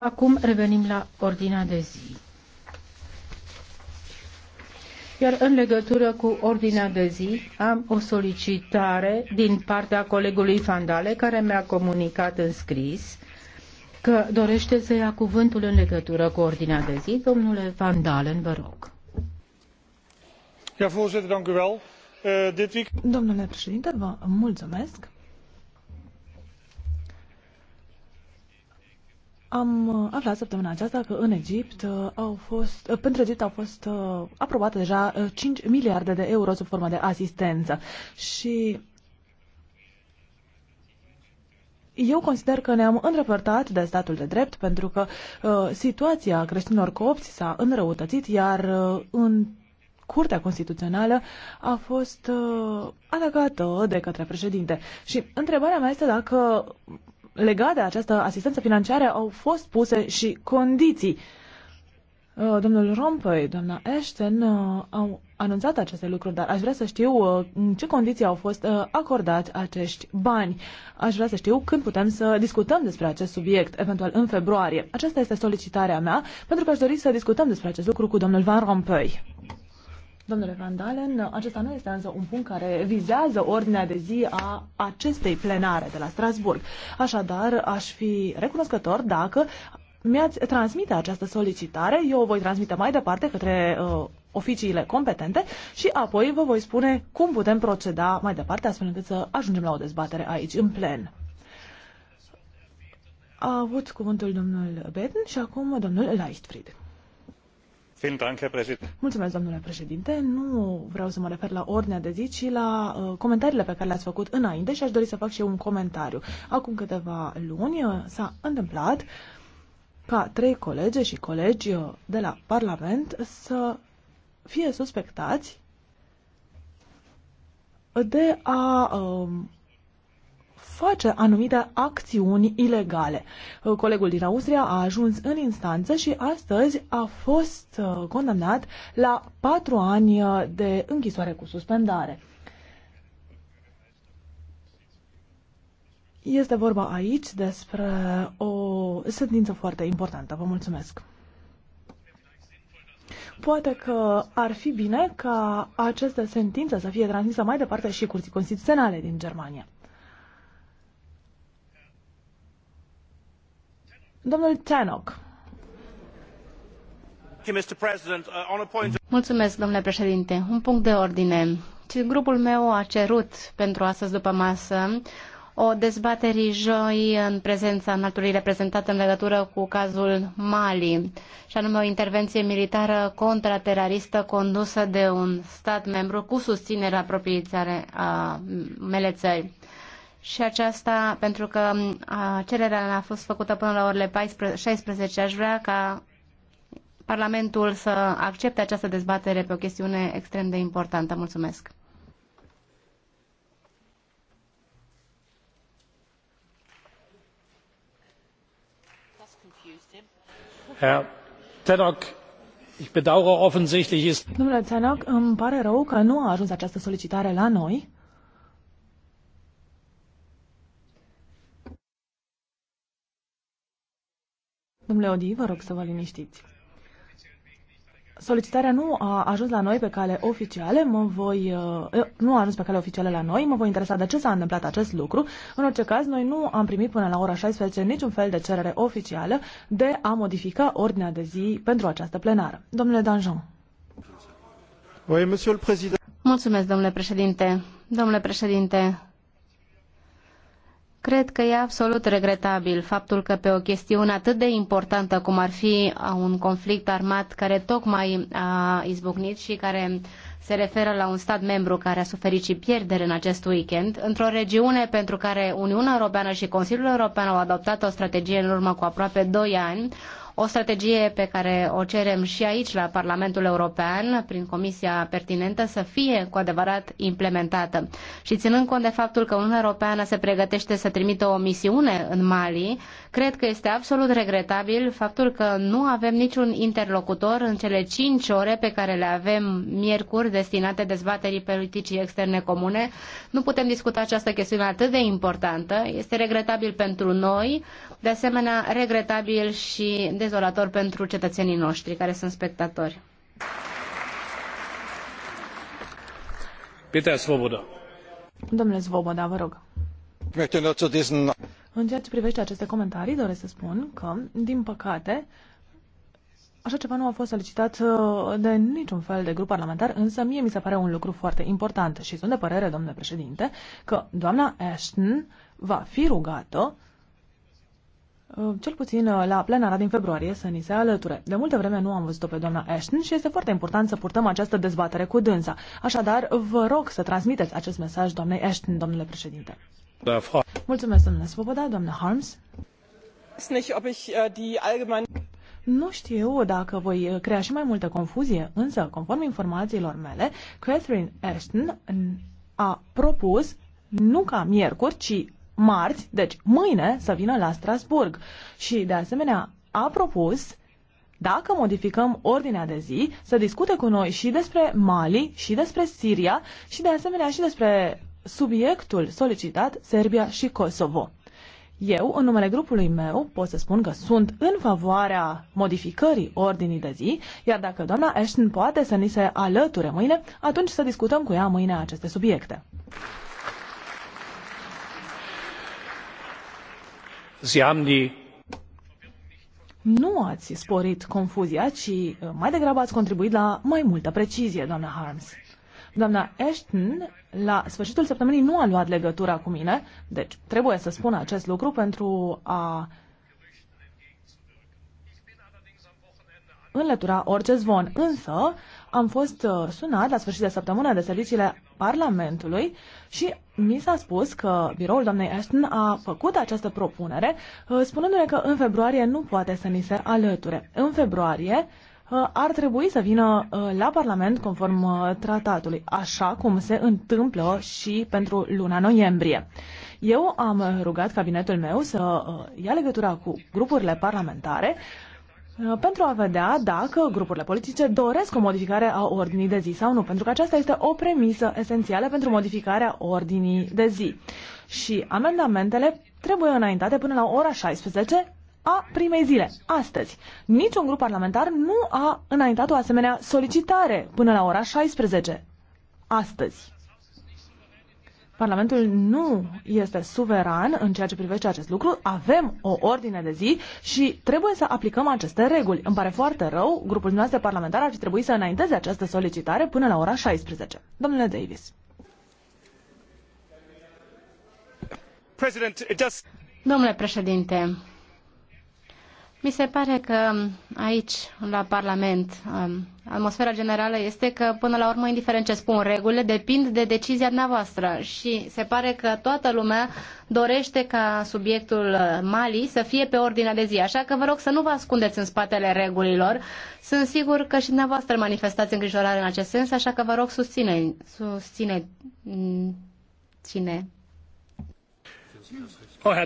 Acum revenim la ordinea de zi. Iar în legătură cu ordinea de zi, am o solicitare din partea colegului Fandale, care mi-a comunicat în scris că dorește să ia cuvântul în legătură cu ordinea de zi. Domnule Fandalen, vă rog. Eh, Domnule președinte, vă mulțumesc. Am uh, aflat săptămâna aceasta că în Egipt uh, au fost, uh, pentru Egipt au fost aprobate deja 5 miliarde de euro sub formă de asistență și eu consider că ne-am îndrepărtat de statul de drept pentru că uh, situația creștinilor copți s-a înrăutățit, iar uh, în Curtea Constituțională a fost uh, atacată de către președinte. Și întrebarea mea este dacă legat de această asistență financiară au fost puse și condiții. Uh, domnul Rompuy, doamna Ashton uh, au anunțat aceste lucruri, dar aș vrea să știu uh, în ce condiții au fost acordați acești bani. Aș vrea să știu când putem să discutăm despre acest subiect, eventual în februarie. Aceasta este solicitarea mea, pentru că aș dori să discutăm despre acest lucru cu domnul Van Rompuy. Domnule Van Dalen, acesta nu este însă un punct care vizează ordinea de zi a acestei plenare de la Strasburg. Așadar, aș fi recunoscător dacă mi-ați transmite această solicitare, eu o voi transmite mai departe către uh, oficiile competente și apoi vă voi spune cum putem proceda mai departe astfel încât să ajungem la o dezbatere aici în plen. A avut cuvântul domnul Beden și acum domnul Leichtfried. Mulțumesc, domnule președinte. Nu vreau să mă refer la ordinea de zi, ci la uh, comentariile pe care le-ați făcut înainte și aș dori să fac și eu un comentariu. Acum câteva luni uh, s-a întâmplat ca trei colege și colegi uh, de la Parlament să fie suspectați de a uh, face anumite acțiuni ilegale. Uh, colegul din Austria a ajuns în instanță și astăzi a fost uh, condamnat la patru ani uh, de închisoare cu suspendare. Este vorba aici despre o sentință foarte importantă. Vă mulțumesc! Poate că ar fi bine ca această sentință să fie transmisă mai departe și curții constituționale din Germania. Domnul Tanok. Uh, Mulțumesc, domnule președinte. Un punct de ordine. Grupul meu a cerut pentru astăzi după masă o dezbatere joi în prezența înaltului reprezentat în legătură cu cazul Mali, și anume o intervenție militară contrateroristă condusă de un stat membru cu susținerea propriei țare a mele țări și aceasta pentru că a, cererea a fost făcută până la orele 14, 16. Aș vrea ca Parlamentul să accepte această dezbatere pe o chestiune extrem de importantă. Mulțumesc. Herr Tannock, ich bedauere offensichtlich ist. Domnule Tannock, îmi pare rău că nu a ajuns această solicitare la noi. Domnule Odi, vă rog să vă liniștiți. Solicitarea nu a ajuns la noi pe cale oficiale, mă voi, uh, nu a ajuns pe cale oficiale la noi, mă voi interesa de ce s-a întâmplat acest lucru. În orice caz, noi nu am primit până la ora 16 niciun fel de cerere oficială de a modifica ordinea de zi pentru această plenară. Domnule Danjon. Oui, Mulțumesc, domnule președinte. Domnule președinte, Cred că e absolut regretabil faptul că pe o chestiune atât de importantă cum ar fi un conflict armat care tocmai a izbucnit și care se referă la un stat membru care a suferit și pierdere în acest weekend, într-o regiune pentru care Uniunea Europeană și Consiliul European au adoptat o strategie în urmă cu aproape 2 ani, o strategie pe care o cerem și aici la Parlamentul European, prin comisia pertinentă, să fie cu adevărat implementată. Și ținând cont de faptul că Uniunea Europeană se pregătește să trimită o misiune în Mali, cred că este absolut regretabil faptul că nu avem niciun interlocutor în cele cinci ore pe care le avem miercuri destinate dezbaterii politicii externe comune. Nu putem discuta această chestiune atât de importantă. Este regretabil pentru noi, de asemenea regretabil și de dezolator pentru cetățenii noștri care sunt spectatori. Peter Svoboda. Domnule Svoboda, vă rog. În ceea ce privește aceste comentarii, doresc să spun că, din păcate, Așa ceva nu a fost solicitat uh, de niciun fel de grup parlamentar, însă mie mi se pare un lucru foarte important și sunt de părere, domnule președinte, că doamna Ashton va fi rugată Uh, cel puțin uh, la plenara din februarie, să ni se alăture. De multă vreme nu am văzut-o pe doamna Ashton și este foarte important să purtăm această dezbatere cu dânsa. Așadar, vă rog să transmiteți acest mesaj doamnei Ashton, domnule președinte. Da, Mulțumesc, domnule Svoboda, doamna Harms. Äh, nu știu dacă voi uh, crea și mai multă confuzie, însă, conform informațiilor mele, Catherine Ashton mm, a propus nu ca miercuri, ci marți, deci mâine, să vină la Strasburg. Și, de asemenea, a propus dacă modificăm ordinea de zi, să discute cu noi și despre Mali, și despre Siria, și de asemenea și despre subiectul solicitat Serbia și Kosovo. Eu, în numele grupului meu, pot să spun că sunt în favoarea modificării ordinii de zi, iar dacă doamna Ashton poate să ni se alăture mâine, atunci să discutăm cu ea mâine aceste subiecte. nu ați sporit confuzia, ci uh, mai degrabă ați contribuit la mai multă precizie, doamna Harms. Doamna Ashton, la sfârșitul săptămânii, nu a luat legătura cu mine, deci trebuie să spun acest lucru pentru a înlătura orice zvon, însă am fost uh, sunat la sfârșit de săptămână de serviciile Parlamentului și mi s-a spus că biroul doamnei Ashton a făcut această propunere, uh, spunându-ne că în februarie nu poate să ni se alăture. În februarie uh, ar trebui să vină la Parlament conform tratatului, așa cum se întâmplă și pentru luna noiembrie. Eu am rugat cabinetul meu să ia legătura cu grupurile parlamentare Uh, pentru a vedea dacă grupurile politice doresc o modificare a ordinii de zi sau nu, pentru că aceasta este o premisă esențială pentru modificarea ordinii de zi. Și amendamentele trebuie înaintate până la ora 16 a primei zile, astăzi. Niciun grup parlamentar nu a înaintat o asemenea solicitare până la ora 16, astăzi. Parlamentul nu este suveran în ceea ce privește acest lucru. Avem o ordine de zi și trebuie să aplicăm aceste reguli. Îmi pare foarte rău, grupul dumneavoastră parlamentar ar fi trebuit să înainteze această solicitare până la ora 16. Domnule Davis. Domnule președinte, mi se pare că aici, la Parlament, um, atmosfera generală este că, până la urmă, indiferent ce spun regulile, depind de decizia dumneavoastră și se pare că toată lumea dorește ca subiectul uh, Mali să fie pe ordinea de zi. Așa că vă rog să nu vă ascundeți în spatele regulilor. Sunt sigur că și dumneavoastră manifestați îngrijorare în acest sens, așa că vă rog susține, susține cine Oh,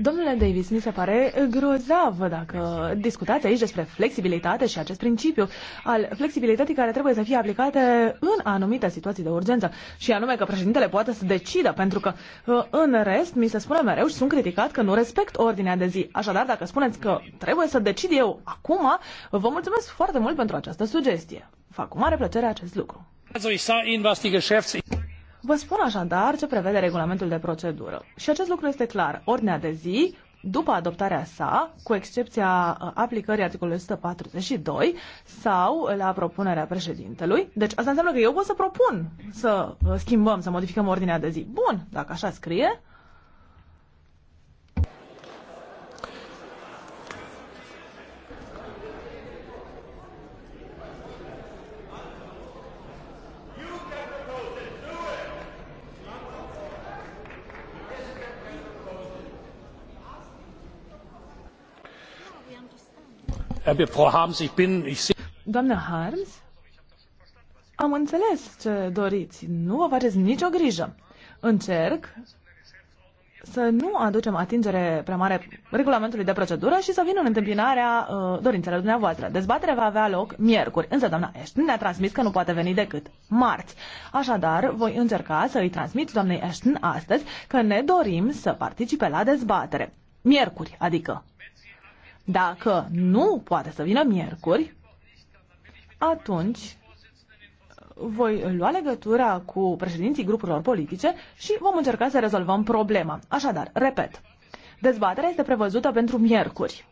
Domnule Davis, mi se pare grozav dacă discutați aici despre flexibilitate și acest principiu al flexibilității care trebuie să fie aplicate în anumite situații de urgență și anume că președintele poate să decidă pentru că uh, în rest mi se spune mereu și sunt criticat că nu respect ordinea de zi. Așadar, dacă spuneți că trebuie să decid eu acum, vă mulțumesc foarte mult pentru această sugestie. Fac cu mare plăcere acest lucru. Also ich sah Ihnen, was die Geschäfts Vă spun așadar ce prevede regulamentul de procedură. Și acest lucru este clar. Ordinea de zi, după adoptarea sa, cu excepția uh, aplicării articolului 142 sau la propunerea președintelui. Deci asta înseamnă că eu pot să propun să uh, schimbăm, să modificăm ordinea de zi. Bun, dacă așa scrie, Er Doamnă Harms, am înțeles ce doriți. Nu vă faceți nicio grijă. Încerc să nu aducem atingere prea mare regulamentului de procedură și să vin în întâmpinarea uh, dorințelor dumneavoastră. Dezbaterea va avea loc miercuri, însă doamna Ashton ne-a transmis că nu poate veni decât marți. Așadar, voi încerca să îi transmit doamnei Ashton astăzi că ne dorim să participe la dezbatere. Miercuri, adică dacă nu poate să vină miercuri, atunci voi lua legătura cu președinții grupurilor politice și vom încerca să rezolvăm problema. Așadar, repet, dezbaterea este prevăzută pentru miercuri.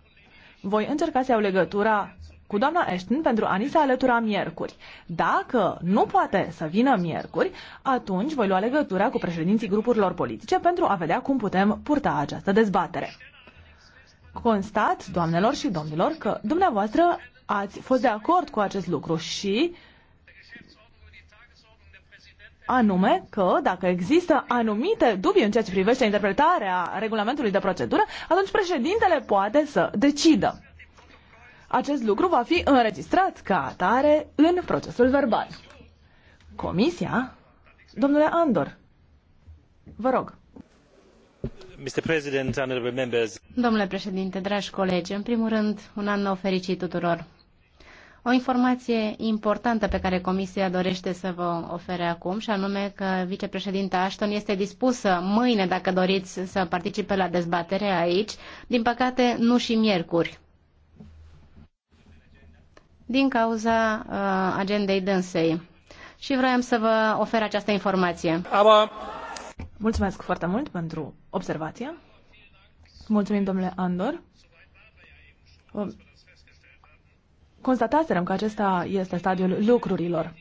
Voi încerca să iau legătura cu doamna Ashton pentru a ni se alătura miercuri. Dacă nu poate să vină miercuri, atunci voi lua legătura cu președinții grupurilor politice pentru a vedea cum putem purta această dezbatere constat, doamnelor și domnilor, că dumneavoastră ați fost de acord cu acest lucru și anume că dacă există anumite dubii în ceea ce privește interpretarea regulamentului de procedură, atunci președintele poate să decidă. Acest lucru va fi înregistrat ca atare în procesul verbal. Comisia? Domnule Andor, vă rog. Domnule președinte, dragi colegi, în primul rând, un an nou fericit tuturor. O informație importantă pe care Comisia dorește să vă ofere acum, și anume că vicepreedinta Ashton este dispusă mâine, dacă doriți, să participe la dezbatere aici, din păcate nu și miercuri, din cauza uh, agendei dânsei. Și vreau să vă ofer această informație. Aber Mulțumesc foarte mult pentru observația. Mulțumim, domnule Andor. Um, constataserăm că acesta este stadiul lucrurilor.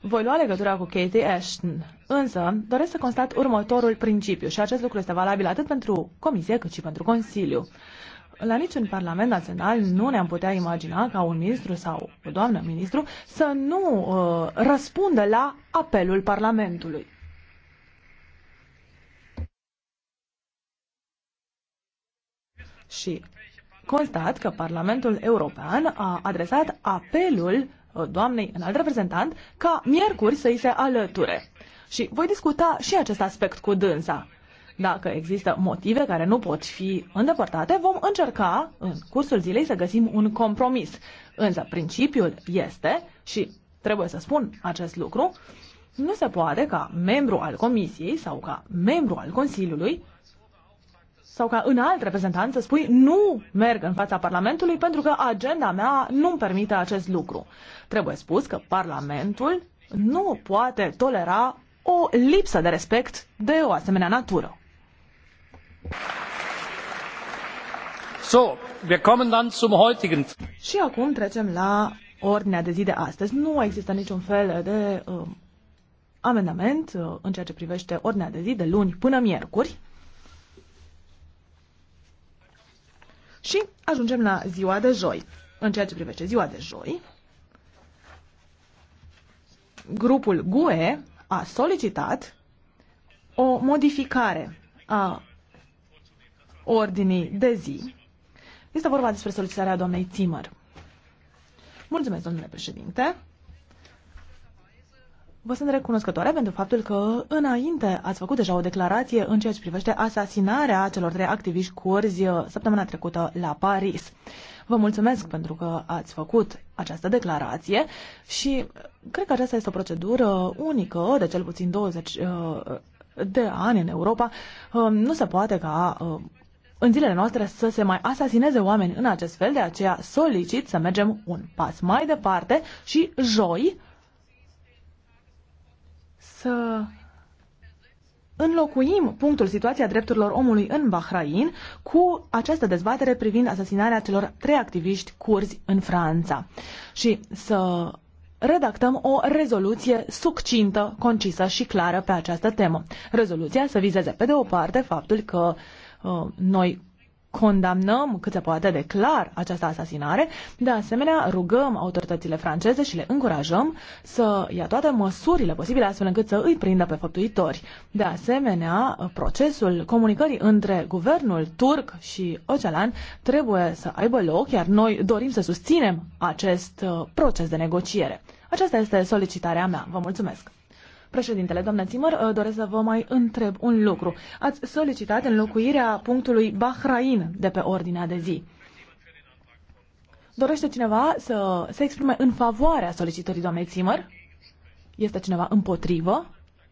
Voi lua legătura cu Katie Ashton, însă doresc să constat următorul principiu și acest lucru este valabil atât pentru Comisie cât și pentru Consiliu. La niciun Parlament Național nu ne-am putea imagina ca un ministru sau o doamnă ministru să nu uh, răspundă la apelul Parlamentului. și constat că Parlamentul European a adresat apelul uh, doamnei înalt reprezentant ca miercuri să i se alăture. Și voi discuta și acest aspect cu dânsa. Dacă există motive care nu pot fi îndepărtate, vom încerca în cursul zilei să găsim un compromis. Însă principiul este, și trebuie să spun acest lucru, nu se poate ca membru al Comisiei sau ca membru al Consiliului sau ca în alt reprezentant să spui nu merg în fața Parlamentului pentru că agenda mea nu-mi permite acest lucru. Trebuie spus că Parlamentul nu poate tolera o lipsă de respect de o asemenea natură. So, wir kommen dann zum heutigen. Și acum trecem la ordinea de zi de astăzi. Nu există niciun fel de uh, amendament uh, în ceea ce privește ordinea de zi de luni până miercuri. Și ajungem la ziua de joi. În ceea ce privește ziua de joi, grupul GUE a solicitat o modificare a ordinii de zi. Este vorba despre solicitarea doamnei Zimmer. Mulțumesc, domnule președinte. Vă sunt recunoscătoare pentru faptul că înainte ați făcut deja o declarație în ceea ce privește asasinarea celor trei activiști curzi uh, săptămâna trecută la Paris. Vă mulțumesc pentru că ați făcut această declarație și uh, cred că aceasta este o procedură unică de cel puțin 20 uh, de ani în Europa. Nu se poate ca în zilele noastre să se mai asasineze oameni în acest fel, de aceea solicit să mergem un pas mai departe și joi să înlocuim punctul situația drepturilor omului în Bahrain cu această dezbatere privind asasinarea celor trei activiști curzi în Franța și să redactăm o rezoluție succintă, concisă și clară pe această temă. Rezoluția să vizeze pe de o parte faptul că uh, noi condamnăm cât se poate de clar această asasinare. De asemenea, rugăm autoritățile franceze și le încurajăm să ia toate măsurile posibile astfel încât să îi prindă pe făptuitori. De asemenea, procesul comunicării între guvernul turc și ocelan trebuie să aibă loc, iar noi dorim să susținem acest uh, proces de negociere. Aceasta este solicitarea mea. Vă mulțumesc! Președintele, doamna Țimăr, uh, doresc să vă mai întreb un lucru. Ați solicitat înlocuirea punctului Bahrain de pe ordinea de zi. Dorește cineva să se exprime în favoarea solicitării doamnei Țimăr? Este cineva împotrivă?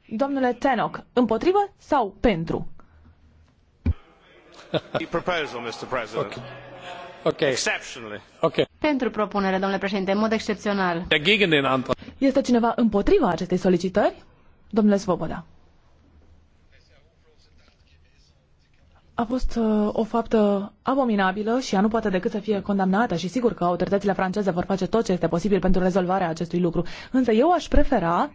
Domnule Tenoc, împotrivă sau pentru? Okay. Okay. Exceptionally. Okay. Pentru propunere, domnule președinte, în mod excepțional. Este cineva împotriva acestei solicitări? Domnule Svoboda. A fost uh, o faptă abominabilă și ea nu poate decât să fie condamnată și sigur că autoritățile franceze vor face tot ce este posibil pentru rezolvarea acestui lucru. Însă eu aș prefera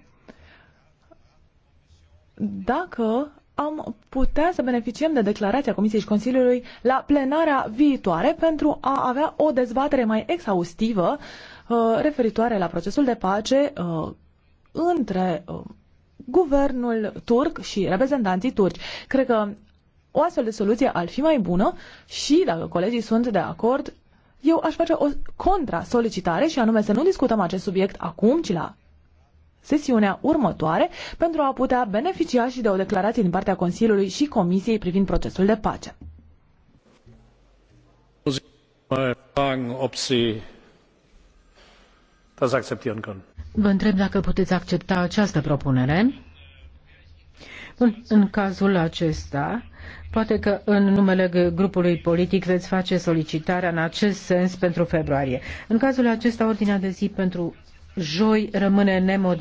dacă am putea să beneficiem de declarația Comisiei și Consiliului la plenarea viitoare pentru a avea o dezbatere mai exhaustivă uh, referitoare la procesul de pace uh, între uh, guvernul turc și reprezentanții turci. Cred că o astfel de soluție ar fi mai bună și, dacă colegii sunt de acord, eu aș face o contra-solicitare și anume să nu discutăm acest subiect acum, ci la sesiunea următoare pentru a putea beneficia și de o declarație din partea Consiliului și Comisiei privind procesul de pace. Fragen, ob Sie das akzeptieren können. Vă întreb dacă puteți accepta această propunere. Bun, în cazul acesta, poate că în numele grupului politic veți face solicitarea în acest sens pentru februarie. În cazul acesta, ordinea de zi pentru joi rămâne nemodificată.